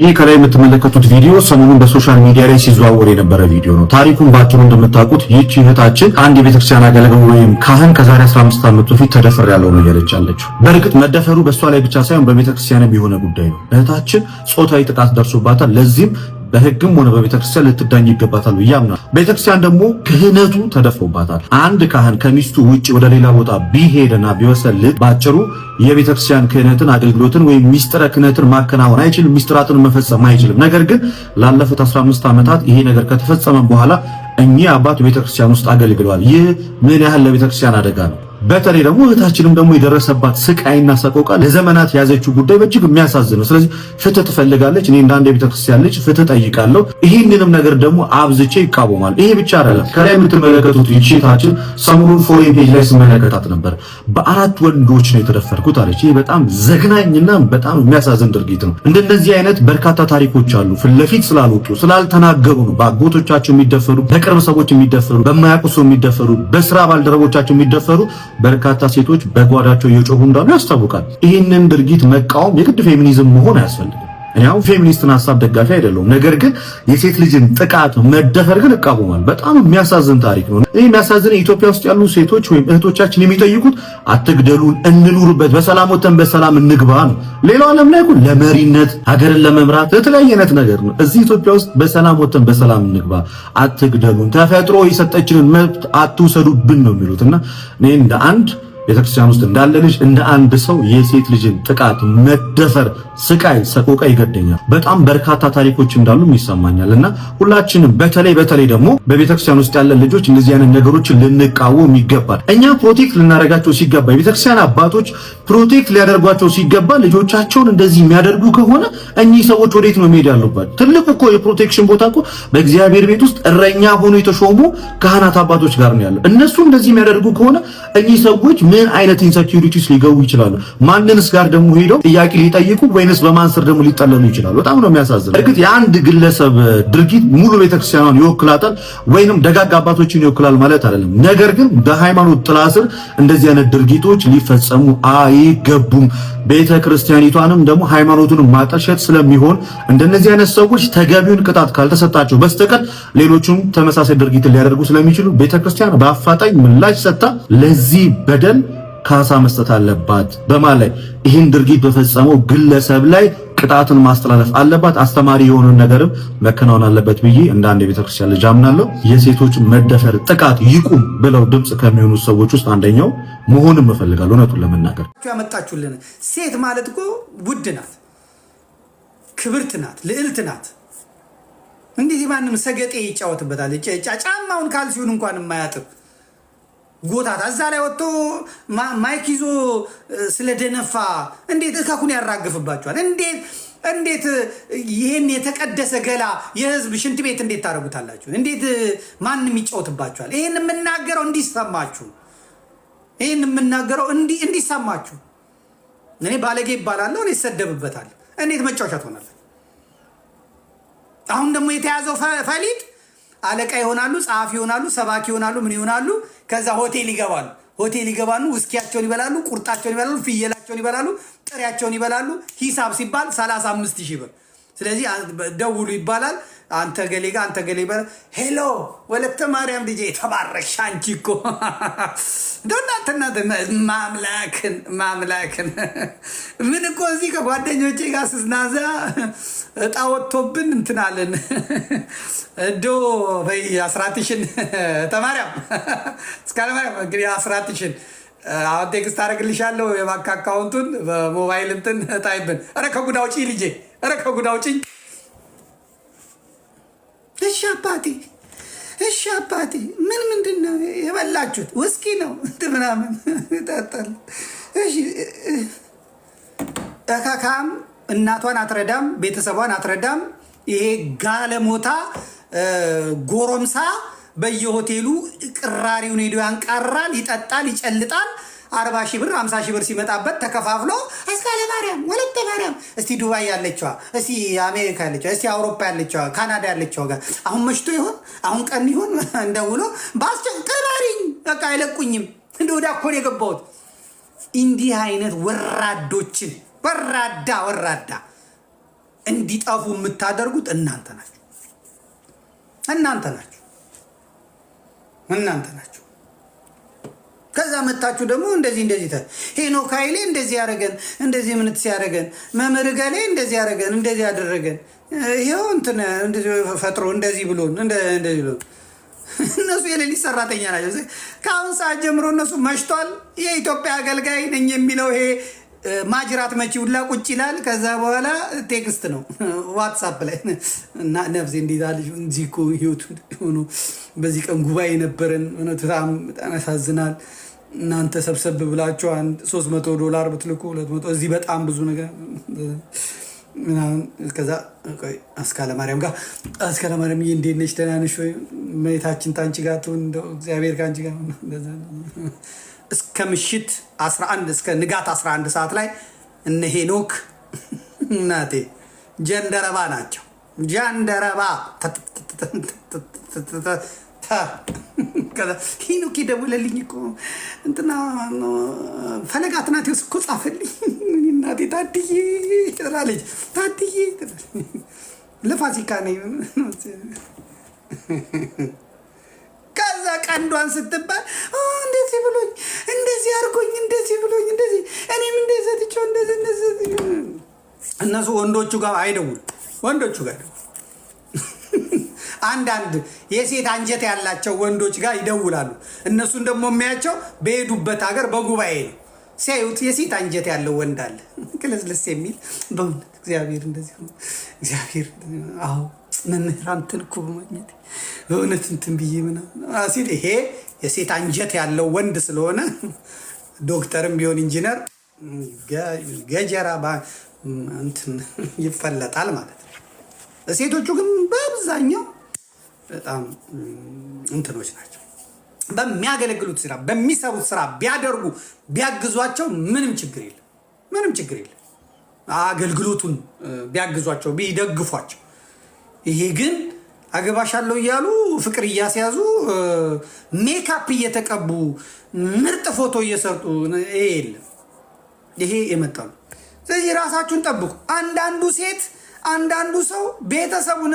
ይህ ከላይ የምትመለከቱት ቪዲዮ ሰሞኑን በሶሻል ሚዲያ ላይ ሲዘዋወር የነበረ ቪዲዮ ነው። ታሪኩን ባጭሩ እንደምታውቁት ይህች እህታችን አንድ የቤተክርስቲያን አገልጋይ ወይም ካህን ከዛሬ 15 ዓመት በፊት ተደፈር ያለው ነው እያለች አለችው። በእርግጥ መደፈሩ በእሷ ላይ ብቻ ሳይሆን በቤተክርስቲያንም የሆነ ጉዳይ ነው። እህታችን ጾታዊ ጥቃት ደርሶባታል። ለዚህም በህግም ሆነ በቤተክርስቲያን ልትዳኝ ይገባታል ብዬ አምናለሁ። ቤተክርስቲያን ደግሞ ክህነቱ ተደፍሮባታል። አንድ ካህን ከሚስቱ ውጭ ወደ ሌላ ቦታ ቢሄድና ቢወሰልት በአጭሩ የቤተክርስቲያን ክህነትን አገልግሎትን ወይም ሚስጥረ ክህነትን ማከናወን አይችልም፣ ሚስጥራትን መፈጸም አይችልም። ነገር ግን ላለፉት 15 ዓመታት ይሄ ነገር ከተፈጸመ በኋላ እኚህ አባት ቤተክርስቲያን ውስጥ አገልግለዋል። ይህ ምን ያህል ለቤተክርስቲያን አደጋ ነው? በተለይ ደግሞ እህታችንም ደግሞ የደረሰባት ስቃይና ሰቆቃ ለዘመናት የያዘችው ጉዳይ በእጅግ የሚያሳዝን ነው። ስለዚህ ፍትህ ትፈልጋለች። እኔ እንደ አንድ የቤተክርስቲያን ልጅ ፍትህ ጠይቃለሁ። ይህንንም ነገር ደግሞ አብዝቼ ይቃወማል። ይሄ ብቻ አይደለም። ከላይ የምትመለከቱት ይቺታችን ሰሞኑን ፎሬን ፔጅ ላይ ስመለከታት ነበር። በአራት ወንዶች ነው የተደፈርኩት አለች። ይሄ በጣም ዘግናኝና በጣም የሚያሳዝን ድርጊት ነው። እንደነዚህ አይነት በርካታ ታሪኮች አሉ። ፊት ለፊት ስላልወጡ ስላልተናገሩ ነው በአጎቶቻቸው የሚደፈሩ፣ በቅርብ ሰዎች የሚደፈሩ፣ በማያውቁ ሰው የሚደፈሩ፣ በስራ ባልደረቦቻቸው የሚደፈሩ በርካታ ሴቶች በጓዳቸው እየጮሁ እንዳሉ ያስታውቃል። ይህንን ድርጊት መቃወም የግድ ፌሚኒዝም መሆን አያስፈልግም። እኔ አሁን ፌሚኒስትን ሀሳብ ደጋፊ አይደለሁም። ነገር ግን የሴት ልጅን ጥቃት መደፈር ግን እቃወማል። በጣም የሚያሳዝን ታሪክ ነው። ይህ የሚያሳዝን ኢትዮጵያ ውስጥ ያሉ ሴቶች ወይም እህቶቻችን የሚጠይቁት አትግደሉን፣ እንኑርበት፣ በሰላም ወተን በሰላም እንግባ ነው። ሌላው ዓለም ላይ ለመሪነት ሀገርን ለመምራት የተለያየ አይነት ነገር ነው። እዚህ ኢትዮጵያ ውስጥ በሰላም ወተን በሰላም እንግባ፣ አትግደሉን፣ ተፈጥሮ የሰጠችንን መብት አትውሰዱብን ነው የሚሉት እና እኔ እንደ አንድ ቤተክርስቲያን ውስጥ እንዳለ ልጅ እንደ አንድ ሰው የሴት ልጅን ጥቃት፣ መደፈር፣ ስቃይ፣ ሰቆቃ ይገደኛል። በጣም በርካታ ታሪኮች እንዳሉ ይሰማኛል እና ሁላችንም በተለይ በተለይ ደግሞ በቤተክርስቲያን ውስጥ ያለን ልጆች እንደዚህ አይነት ነገሮችን ልንቃወም ይገባል። እኛ ፕሮቴክት ልናደርጋቸው ሲገባ፣ የቤተክርስቲያን አባቶች ፕሮቴክት ሊያደርጓቸው ሲገባ ልጆቻቸውን እንደዚህ የሚያደርጉ ከሆነ እኚህ ሰዎች ወዴት ነው መሄድ ያሉባቸው? ትልቁ እኮ የፕሮቴክሽን ቦታ እኮ በእግዚአብሔር ቤት ውስጥ እረኛ ሆኖ የተሾሙ ካህናት አባቶች ጋር ነው ያለው። እነሱ እንደዚህ የሚያደርጉ ከሆነ እኚህ ሰዎች ምን አይነት ኢንሴኪዩሪቲስ ሊገቡ ይችላሉ? ማንንስ ጋር ደግሞ ሄደው ጥያቄ ሊጠይቁ ወይንስ በማን ስር ደግሞ ሊጠለሉ ይችላሉ? በጣም ነው የሚያሳዝነው። እርግጥ የአንድ ግለሰብ ድርጊት ሙሉ ቤተክርስቲያኗን ይወክላታል ወይንም ደጋግ አባቶችን ይወክላል ማለት አይደለም። ነገር ግን በሃይማኖት ጥላ ስር እንደዚህ አይነት ድርጊቶች ሊፈጸሙ አይገቡም። ቤተ ክርስቲያኒቷንም ደግሞ ሃይማኖቱን ማጠሸት ስለሚሆን እንደነዚህ አይነት ሰዎች ተገቢውን ቅጣት ካልተሰጣቸው በስተቀር ሌሎቹም ተመሳሳይ ድርጊት ሊያደርጉ ስለሚችሉ ቤተ ክርስቲያን በአፋጣኝ ምላሽ ሰጥታ ለዚህ በደል ካሳ መስጠት አለባት በማለት ይህን ድርጊት በፈጸመው ግለሰብ ላይ ቅጣትን ማስተላለፍ አለባት። አስተማሪ የሆነን ነገርም መከናወን አለበት ብዬ እንደ አንድ የቤተክርስቲያን ልጅ አምናለሁ። የሴቶች መደፈር፣ ጥቃት ይቁም ብለው ድምፅ ከሚሆኑ ሰዎች ውስጥ አንደኛው መሆንም እፈልጋለሁ። እውነቱን ለመናገር ያመጣችሁልን ሴት ማለት እኮ ውድ ናት፣ ክብርት ናት፣ ልዕልት ናት። እንዲህ ማንም ሰገጤ ይጫወትበታል። ጫማውን ካልሲሆን እንኳን የማያጥብ ጎታታ እዛ ላይ ወጥቶ ማይክ ይዞ ስለደነፋ እንዴት እካኩን ያራግፍባቸዋል? እንዴት እንዴት ይህን የተቀደሰ ገላ የህዝብ ሽንት ቤት እንዴት ታደርጉታላችሁ? እንዴት ማንም ይጫወትባችኋል? ይህን የምናገረው እንዲሰማችሁ፣ ይህን የምናገረው እንዲሰማችሁ። እኔ ባለጌ ይባላለሁ፣ እኔ ይሰደብበታል። እንዴት መጫወቻ ትሆናለ። አሁን ደግሞ የተያዘው ፈሊጥ አለቃ ይሆናሉ፣ ጸሐፊ ይሆናሉ፣ ሰባኪ ይሆናሉ፣ ምን ይሆናሉ። ከዛ ሆቴል ይገባሉ። ሆቴል ይገባሉ፣ ውስኪያቸውን ይበላሉ፣ ቁርጣቸውን ይበላሉ፣ ፍየላቸውን ይበላሉ፣ ጥሪያቸውን ይበላሉ። ሂሳብ ሲባል 35 ሺህ ብር። ስለዚህ ደውሉ ይባላል። አንተ ገሌ ጋ አንተ ገሌ በ ሄሎ ወለተ ማርያም ልጄ የተባረክሽ አንቺ እኮ እንደው እናንተ ማምላክን ማምላክን ምን እኮ እዚህ ከጓደኞቼ ጋር ስዝናዛ እጣ ወጥቶብን እንትናለን እዶ በይ አስራትሽን ተማርያም እስካለ ማርያም እንግዲህ አስራትሽን አሁን ቴክስት አደርግልሻለሁ የባንክ አካውንቱን በሞባይል እንትን እጣይብን ኧረ ከጉዳ ውጪ ልጄ ኧረ ከጉዳ ውጪኝ እሺ አባቴ፣ እሺ አባቴ፣ ምን ምንድን ነው የበላችሁት? ውስኪ ነው ምናምን ጠጠል። እሺ እካካም እናቷን አትረዳም፣ ቤተሰቧን አትረዳም። ይሄ ጋለሞታ ጎረምሳ በየሆቴሉ ቅራሪውን ሄዶ ያንቃራል፣ ይጠጣል፣ ይጨልጣል። አርባ ሺህ ብር አምሳ ሺህ ብር ሲመጣበት ተከፋፍሎ አስካለ ማርያም፣ ወለተ ማርያም እስቲ ዱባይ ያለችዋ፣ እስቲ አሜሪካ ያለችዋ፣ እስቲ አውሮፓ ያለችዋ፣ ካናዳ ያለችዋ ጋር አሁን መሽቶ ይሆን አሁን ቀን ይሆን እንደውሎ በአስቸቀባሪኝ በቃ አይለቁኝም። እንደ ወደ አኮን የገባሁት እንዲህ አይነት ወራዶችን ወራዳ ወራዳ እንዲጠፉ የምታደርጉት እናንተ ናችሁ፣ እናንተ ናችሁ፣ እናንተ ናችሁ። ከዛ መታችሁ ደግሞ እንደዚህ እንደዚህ ተ ሄኖክ ኃይሌ እንደዚህ ያደረገን እንደዚህ ምንት ሲያደረገን መምህር ገሌ እንደዚህ ያደረገን እንደዚህ ያደረገን ይኸው እንትን ፈጥሮ እንደዚህ ብሎን እንደዚህ ብሎን እነሱ የሌሊት ሰራተኛ ናቸው። ከአሁን ሰዓት ጀምሮ እነሱ መሽቷል። የኢትዮጵያ አገልጋይ ነኝ የሚለው ይሄ ማጅራት መቺ ሁላ ቁጭ ይላል። ከዛ በኋላ ቴክስት ነው ዋትሳፕ ላይ እና ነፍሴ እንዲዛ ልጅ ህይወቱ ሆኖ በዚህ ቀን ጉባኤ የነበረን እውነት በጣም በጣም ያሳዝናል። እናንተ ሰብሰብ ብላችሁ አንድ ሶስት መቶ ዶላር ብትልኩ ሁለት መቶ እዚህ በጣም ብዙ ነገር ከዛ አስካለ ማርያም ጋር አስካለ ማርያም ይህ እንዴት ነች? ደህና ነሽ ወይ? መሬታችን ታንቺ ጋር ትሁን፣ እግዚአብሔር ከአንቺ ጋር። እስከ ምሽት 11 እስከ ንጋት 11 ሰዓት ላይ እነ ሄኖክ እናቴ ጀንደረባ ናቸው። ጀንደረባ ሂኖክ ደወለልኝ እኮ እንትና ፈለጋ ትናቴዎስ እኮ ጻፈልኝ። እናቴ ታድዬ ትላለች፣ ታድዬ ለፋሲካ ነኝ። ከዛ ቀንዷን ስትባል እንደዚህ ብሎኝ፣ እንደዚህ አድርጎኝ፣ እንደዚህ ብሎኝ፣ እንደዚህ እኔም እንደዚህ ሰጥቼው እንደዚህ እንደዚህ እነሱ ወንዶቹ ጋር አይደውል፣ ወንዶቹ ጋር አንዳንድ የሴት አንጀት ያላቸው ወንዶች ጋር ይደውላሉ። እነሱን ደግሞ የሚያቸው በሄዱበት ሀገር በጉባኤ ነው። ሲያዩት የሴት አንጀት ያለው ወንድ አለ ቅልስልስ የሚል በእውነት እግዚአብሔር እንደዚህ ነው። እግዚአብሔር አዎ መምህራን ትልኩ በማግኘት በእውነት እንትን ብዬ ምናምን ሲል ይሄ የሴት አንጀት ያለው ወንድ ስለሆነ ዶክተርም ቢሆን ኢንጂነር ገጀራ እንትን ይፈለጣል ማለት ነው። ሴቶቹ ግን በአብዛኛው በጣም እንትኖች ናቸው። በሚያገለግሉት ስራ በሚሰሩት ስራ ቢያደርጉ ቢያግዟቸው ምንም ችግር የለ፣ ምንም ችግር የለ። አገልግሎቱን ቢያግዟቸው ቢደግፏቸው። ይሄ ግን አገባሻለሁ እያሉ ፍቅር እያስያዙ ሜካፕ እየተቀቡ ምርጥ ፎቶ እየሰጡ ይሄ የለም። ይሄ የመጣ ነው። ስለዚህ ራሳችሁን ጠብቁ። አንዳንዱ ሴት አንዳንዱ ሰው ቤተሰቡን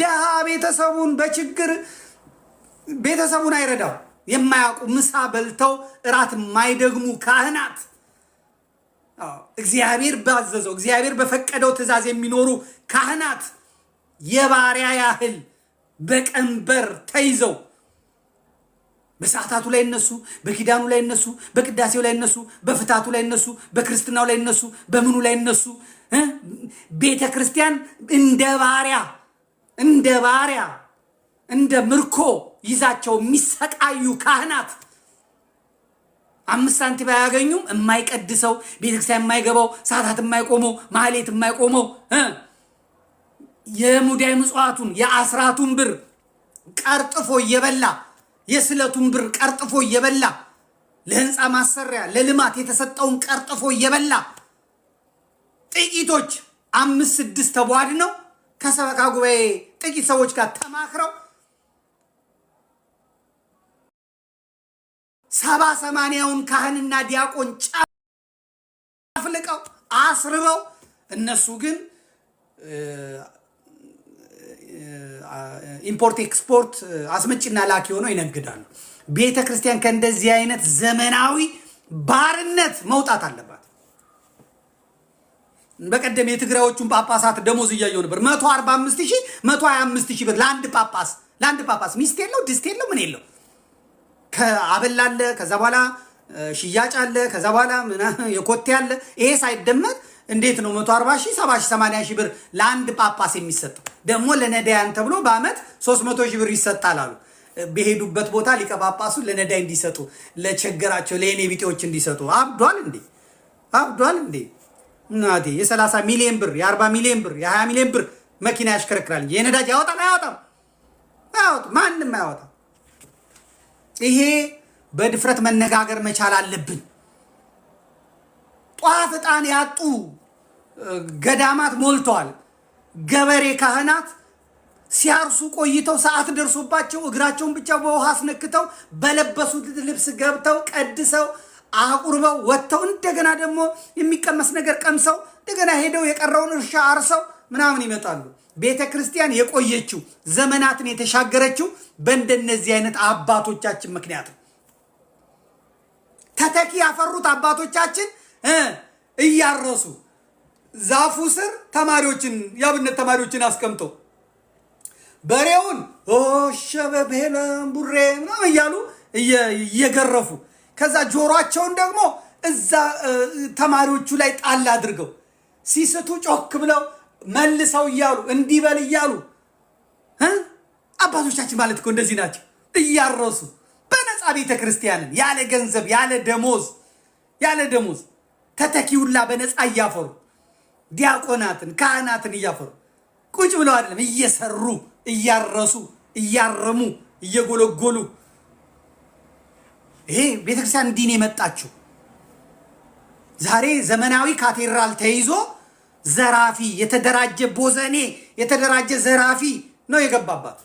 ደሃ ቤተሰቡን በችግር ቤተሰቡን አይረዳው የማያውቁ ምሳ በልተው እራት የማይደግሙ ካህናት እግዚአብሔር ባዘዘው እግዚአብሔር በፈቀደው ትእዛዝ የሚኖሩ ካህናት የባሪያ ያህል በቀንበር ተይዘው በሰዓታቱ ላይ እነሱ፣ በኪዳኑ ላይ እነሱ፣ በቅዳሴው ላይ እነሱ፣ በፍታቱ ላይ እነሱ፣ በክርስትናው ላይ እነሱ፣ በምኑ ላይ እነሱ። ቤተ ክርስቲያን እንደ ባሪያ እንደ ባሪያ እንደ ምርኮ ይዛቸው የሚሰቃዩ ካህናት አምስት ሳንቲም አያገኙም። የማይቀድሰው ቤተክርስቲያን የማይገባው ሰዓታት የማይቆመው ማህሌት የማይቆመው የሙዳይ ምጽዋቱን የአስራቱን ብር ቀርጥፎ እየበላ የስለቱን ብር ቀርጥፎ እየበላ ለህንፃ ማሰሪያ ለልማት የተሰጠውን ቀርጥፎ እየበላ ጥቂቶች አምስት ስድስት ተቧድ ነው ከሰበካ ጉባኤ ጥቂት ሰዎች ጋር ተማክረው ሰባ ሰማንያውን ካህንና ዲያቆን ጫፍልቀው አስርበው እነሱ ግን ኢምፖርት ኤክስፖርት አስመጭና ላኪ ሆነው ይነግዳሉ። ቤተ ክርስቲያን ከእንደዚህ አይነት ዘመናዊ ባርነት መውጣት አለባት። በቀደም የትግራዮቹን ጳጳሳት ደሞዝ እያየው ነበር። መቶ አርባ አምስት ሺህ መቶ ሀያ አምስት ሺህ ብር ለአንድ ጳጳስ ለአንድ ጳጳስ ሚስት የለው ድስት የለው ምን የለው ከአበል አለ፣ ከዛ በኋላ ሽያጭ አለ፣ ከዛ በኋላ የኮቴ አለ። ይሄ ሳይደመር እንዴት ነው 140 ሺህ 70 ሺህ 80 ሺህ ብር ለአንድ ጳጳስ የሚሰጠው? ደግሞ ለነዳያን ተብሎ በአመት 300 ሺህ ብር ይሰጣል አሉ። በሄዱበት ቦታ ሊቀ ጳጳሱን ለነዳይ እንዲሰጡ፣ ለቸገራቸው ለእኔ ቢጤዎች እንዲሰጡ። አብዷል እንዴ? አብዷል እንዴ? እናቴ የ30 ሚሊዮን ብር የ40 ሚሊዮን ብር የ20 ሚሊዮን ብር መኪና ያሽከረክራል። የነዳጅ ያወጣል አያወጣም? አያወጣም። ማንም አያወጣም። ይሄ በድፍረት መነጋገር መቻል አለብን። ጧፍ ዕጣን ያጡ ገዳማት ሞልቷል። ገበሬ ካህናት ሲያርሱ ቆይተው ሰዓት ደርሶባቸው እግራቸውን ብቻ በውሃ አስነክተው በለበሱት ልብስ ገብተው ቀድሰው አቁርበው ወጥተው እንደገና ደግሞ የሚቀመስ ነገር ቀምሰው እንደገና ሄደው የቀረውን እርሻ አርሰው ምናምን ይመጣሉ። ቤተ ክርስቲያን የቆየችው ዘመናትን የተሻገረችው በእንደነዚህ አይነት አባቶቻችን ምክንያት ነው። ተተኪ ያፈሩት አባቶቻችን እያረሱ ዛፉ ስር ተማሪዎችን የአብነት ተማሪዎችን አስቀምጦ በሬውን ሸበ ቡሬ ምናምን እያሉ እየገረፉ ከዛ ጆሯቸውን ደግሞ እዛ ተማሪዎቹ ላይ ጣል አድርገው ሲስቱ ጮክ ብለው መልሰው እያሉ እንዲበል እያሉ አባቶቻችን ማለት እኮ እንደዚህ ናቸው። እያረሱ በነፃ ቤተ ክርስቲያንን ያለ ገንዘብ ያለ ደሞዝ ያለ ደሞዝ ተተኪውላ በነፃ እያፈሩ ዲያቆናትን ካህናትን እያፈሩ ቁጭ ብለው አይደለም እየሰሩ እያረሱ እያረሙ እየጎለጎሉ ይሄ ቤተክርስቲያን እንዲህ ነው የመጣችው። ዛሬ ዘመናዊ ካቴድራል ተይዞ ዘራፊ የተደራጀ ቦዘኔ የተደራጀ ዘራፊ ነው የገባባት።